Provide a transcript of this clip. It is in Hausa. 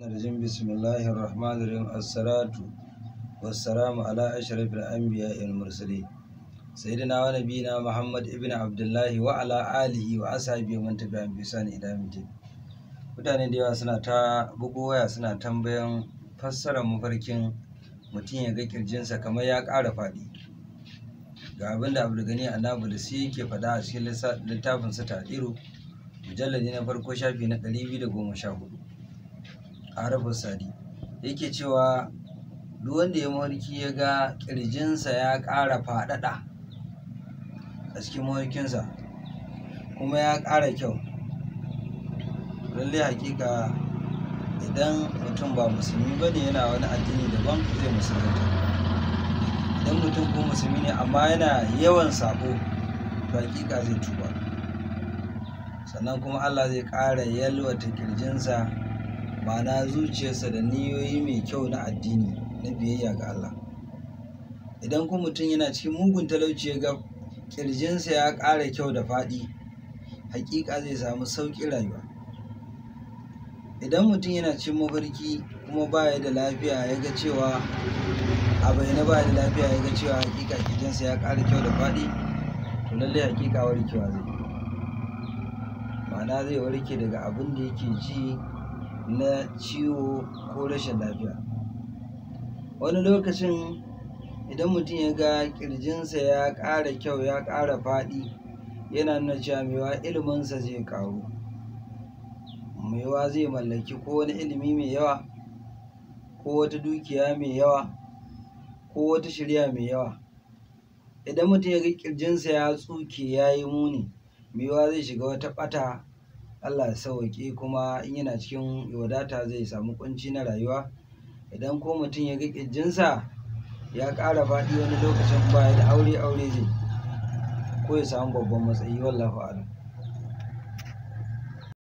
Narjin bismillahir rahmanir rahim assalatu wassalamu ala ashrafil anbiya wal mursalin sayyidina wa nabiyina muhammad ibn abdullahi wa ala alihi wa ashabihi man tabi'a bi ihsan ila yawmiddin mutane da yawa suna ta bugo waya suna tambayan fassarar mafarkin mutum ya ga kirjinsa kamar ya ƙara faɗi ga abin da abdulgani annabi da su yake faɗa a cikin littafinsa tadiru mujalladi na farko shafi na hudu. Arabu Sadi yake cewa duk wanda ya mawarki ya ga ƙirjinsa ya ƙara faɗaɗa a cikin mawarkinsa kuma ya ƙara kyau lallai hakika idan mutum ba musulmi ba ne yana wani addini daban zai musulunta idan mutum ko musulmi ne amma yana yawan sako, to hakika zai tuba sannan kuma allah zai ƙara yalwata ƙirjinsa ma'ana zuciyarsa da niyoyi mai kyau na addini na biyayya ga Allah idan kuma mutum yana cikin mugun talauci ya ga kirjinsa ya ƙara kyau da faɗi hakika zai samu sauƙi rayuwa idan mutum yana cikin mafarki kuma baya da lafiya ya ga cewa a bayyana baya da lafiya ya ga cewa hakika kirjinsa ya ƙara kyau da faɗi to lallai hakika warkewa zai ma'ana zai warke daga abin da yake ji na ciwo ko rashin lafiya wani lokacin idan mutum ya ga ƙirjinsa ya ƙara kyau ya ƙara faɗi yana nuna cewa mewa iliminsa zai ƙaru wa zai mallaki ko wani ilimi mai yawa ko wata dukiya mai yawa ko wata shirya mai yawa idan mutum ya ga ƙirjinsa ya tsuke ya yi muni wa zai shiga wata ɓata Allah ya sauwaƙe kuma in yana cikin wadata zai samu ƙunci na rayuwa idan ko mutum ya ga ƙirjinsa ya ƙara faɗi wani lokacin baya da aure aure zai ko ya samu babban matsayi wallahu a'lam